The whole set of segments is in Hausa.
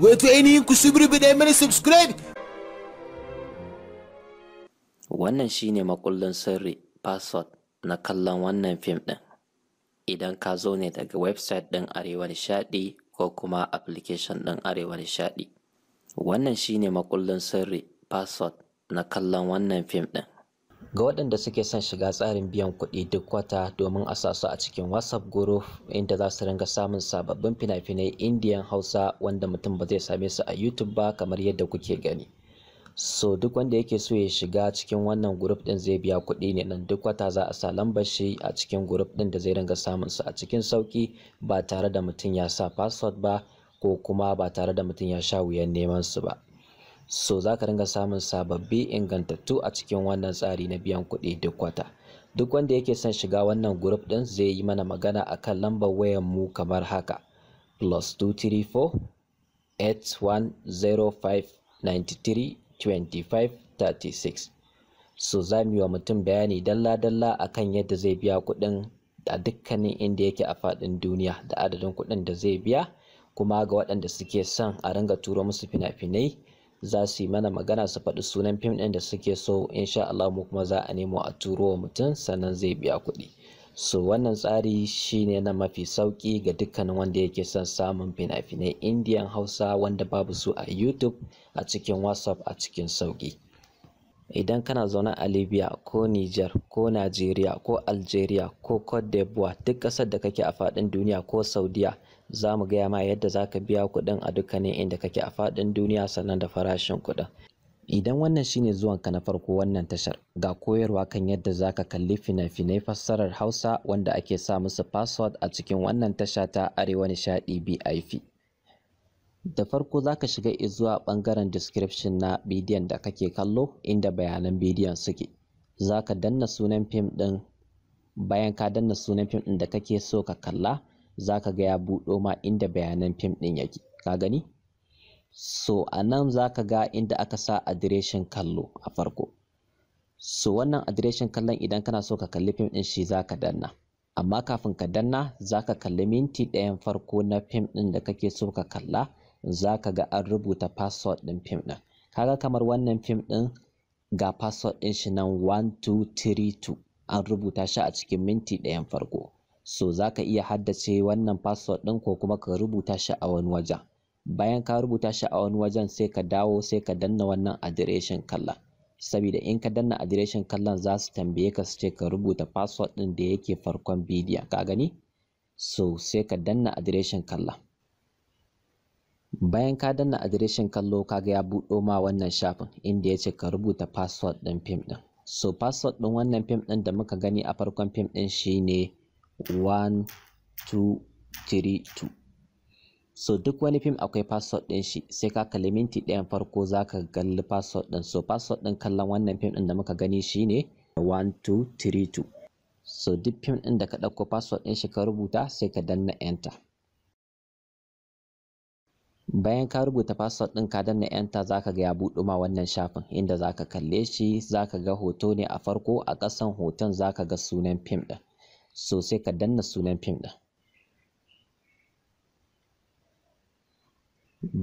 wato ainihin ku subrubida mana subscribe wannan shine makullin sirri password na kallon wannan fim din idan ka zo ne daga website din arewa nishadi ko kuma application din arewa nishadi wannan shine makullin sirri password na kallon wannan fim din ga waɗanda suke son shiga tsarin biyan kuɗi duk wata domin a su a cikin whatsapp group inda za su ringa samun sababbin fina-finai indian hausa wanda mutum ba zai same su a youtube ba kamar yadda kuke gani so duk wanda yake so ya shiga cikin wannan group din zai biya kuɗi ne nan duk wata za a sa lambashi a cikin group din da zai ringa samun su a cikin sauki ba tare da mutum ya sa password ba ko kuma ba tare da mutum ya sha wuyan neman su ba so za ka ringa samun sababbi ingantattu a cikin wannan tsari na biyan kuɗi duk wata duk wanda yake son shiga wannan group ɗin zai yi mana magana akan lambar wayan mu kamar haka plus 234 8105 93 25 36 so za mu yi wa mutum bayani dalla-dalla akan yadda zai biya kuɗin a dukkanin inda yake a faɗin duniya da adadin kuɗin da zai biya kuma ga waɗanda suke son a ringa turo musu fina-finai za su yi mana magana su faɗi sunan fim ɗin da suke so in sha Allah mu kuma za a nemo a turo wa mutum sannan zai biya kuɗi so wannan tsari shine na mafi sauƙi ga dukkanin wanda yake son samun fina-finai indiyan hausa wanda babu su a youtube a cikin whatsapp a cikin sauƙi. idan kana zaune a libya ko niger ko nigeria ko algeria ko cote d'ivoire duk ƙasar da kake a faɗin duniya ko saudiya za mu gaya ma yadda za ka biya kuɗin a dukkanin inda kake a faɗin duniya sannan da farashin kuɗin idan wannan shine zuwan ka na farko wannan tashar ga koyarwa kan yadda za ka kalli fina-finai fassarar hausa wanda ake sa musu password a cikin wannan tasha ta arewa nishaɗi bip da farko za ka shiga zuwa bangaren description na bidiyon da kake kallo inda bayanan bidiyon suke za ka danna sunan fim din bayan ka danna sunan fim ɗin da kake so ka kalla za ka ga ya buɗo ma inda bayanan fim ɗin yake ka gani so a nan za ka ga inda aka sa adireshin kallo a farko so wannan adireshin kallon idan kana so ka kalli fim din shi za ka danna amma kafin ka danna za ka kalli minti ɗayan farko na fim ɗin da kake so ka kalla za ka ga an rubuta password ɗin fim ɗin kaga kamar wannan fim ɗin ga password ɗin shi nan 1232 an rubuta shi a cikin minti ɗayan farko so za ka iya haddace wannan password ɗin ko kuma ka rubuta shi a wani wajen bayan ka rubuta shi a wani wajen sai ka dawo sai ka danna wannan adireshin kallon sabida in ka danna adireshin kallon za su tambaye ka su ce ka rubuta password ɗin da yake farkon bidiyon ka gani so sai ka danna adireshin kallon bayan ka danna adireshin kallo kaga ya buɗo ma wannan shafin inda ya ce ka rubuta password ɗin fim ɗin so password ɗin wannan fim ɗin da muka gani a farkon fim ɗin shine 1232 so duk wani fim akwai password ɗin shi sai ka kalli minti ɗayan farko za ka kalli password ɗin so password ɗin kallon wannan fim ɗin da muka gani shine 1232 so duk fim ɗin da ka ɗauko password ɗin shi ka rubuta sai ka danna enter bayan ka rubuta password ɗin ka danna enter zaka ga ya budu ma wannan shafin inda zaka kalle shi zaka ga hoto ne a farko a kasan hoton zaka ga sunan fim ɗin so sai ka danna sunan fim ɗin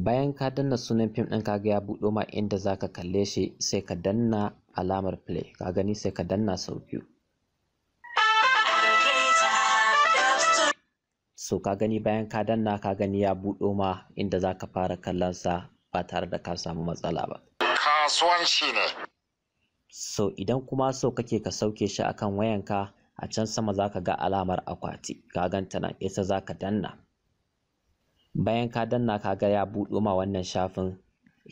bayan ka danna sunan fim ɗin kaga ya budu ma inda zaka kalle shi sai ka danna alamar play ka gani sai ka danna sau biyu so ka gani bayan ka danna ka gani ya buɗo ma inda za ka fara kallon sa ba tare da ka samu matsala ba kasuwanci ne so idan kuma so kake ka sauke shi akan wayanka a can sama za ka ga alamar akwati ka ganta nan isa za ka danna bayan ka danna ka ga ya buɗo ma wannan shafin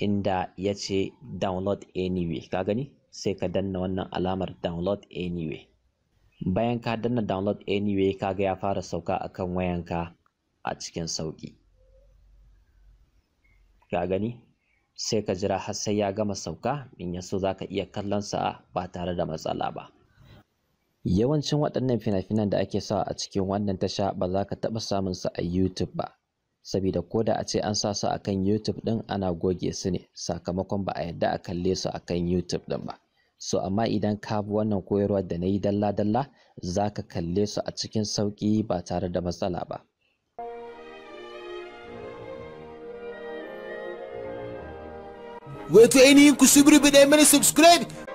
inda ya ce download anyway ka gani sai ka danna wannan alamar download anyway bayan ka danna download anyway kaga ya fara sauka akan wayanka a cikin sauki ka gani sai ka jira har sai ya gama sauka in yaso ka iya kallon sa ba tare da matsala ba yawancin waɗannan fina-finan da ake sawa a cikin wannan tasha ba za ka taɓa samun su a YouTube ba saboda ko da a ce an sa su akan YouTube ɗin ana goge su ne sakamakon ba a yadda a kalle su akan YouTube ɗin ba so amma idan ka bi wannan koyarwa da na yi dalla-dalla za ka kalle su a cikin sauƙi ba tare da matsala ba wato ainihin ku subscribe